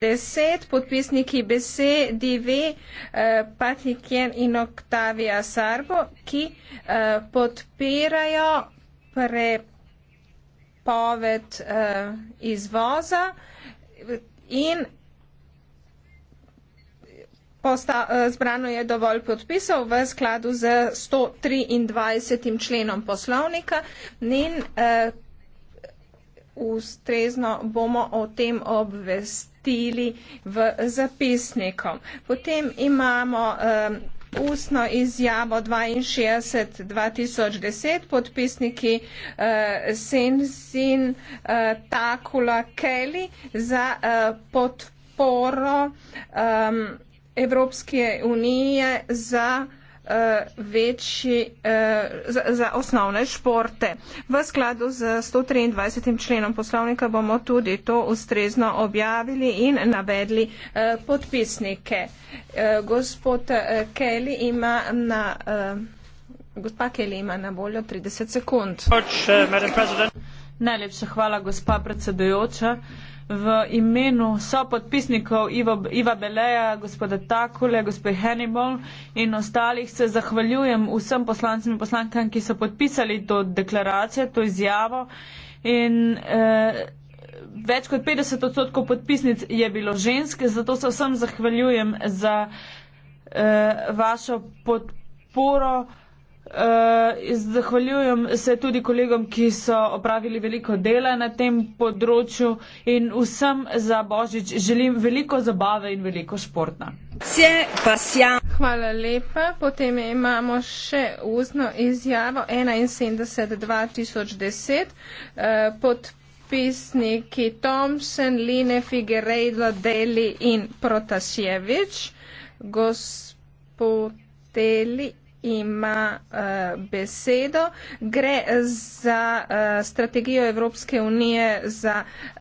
deset podpisniki besedi ve eh, Patiken in Octavia Sarbo, ki eh, podpirajo prepoved eh, izvoza in posta, zbrano je dovolj podpisov v skladu z 123. členom poslovnika. Nen, ustrezno bomo o tem obvestili v zapisniku. Potem imamo um, ustno izjavo 62-2010, podpisniki uh, e, Sensin uh, e, Takula Kelly za uh, podporo um, Evropske unije za uh, Eh, večji eh, za, za osnovne športe. V skladu z 123. členom poslovnika bomo tudi to ustrezno objavili in navedli eh, podpisnike. Gospod Kelly ima na Gospa Kelly ima na voljo 30 sekund. Najlepša hvala, gospa predsedujoča. Uh, v imenu sopodpisnikov Ivo, Iva Beleja, gospoda Takule, gospod Hannibal in ostalih se zahvaljujem vsem poslancem in poslankam, ki so podpisali to deklaracijo, to izjavo. In, eh, Več kot 50 odstotkov podpisnic je bilo žensk, zato se vsem zahvaljujem za eh, vašo podporo. Eh, zahvaljujem se tudi kolegom, ki so opravili veliko dela na tem področju in vsem za božič želim veliko zabave in veliko športa. Hvala lepa. Potem imamo še ustno izjavo 71.2010 eh, podpisniki Thompson, Line Figueiredo, Deli in Protasjevič. Gospod Deli ima uh, besedo. Gre za uh, strategijo Evropske unije za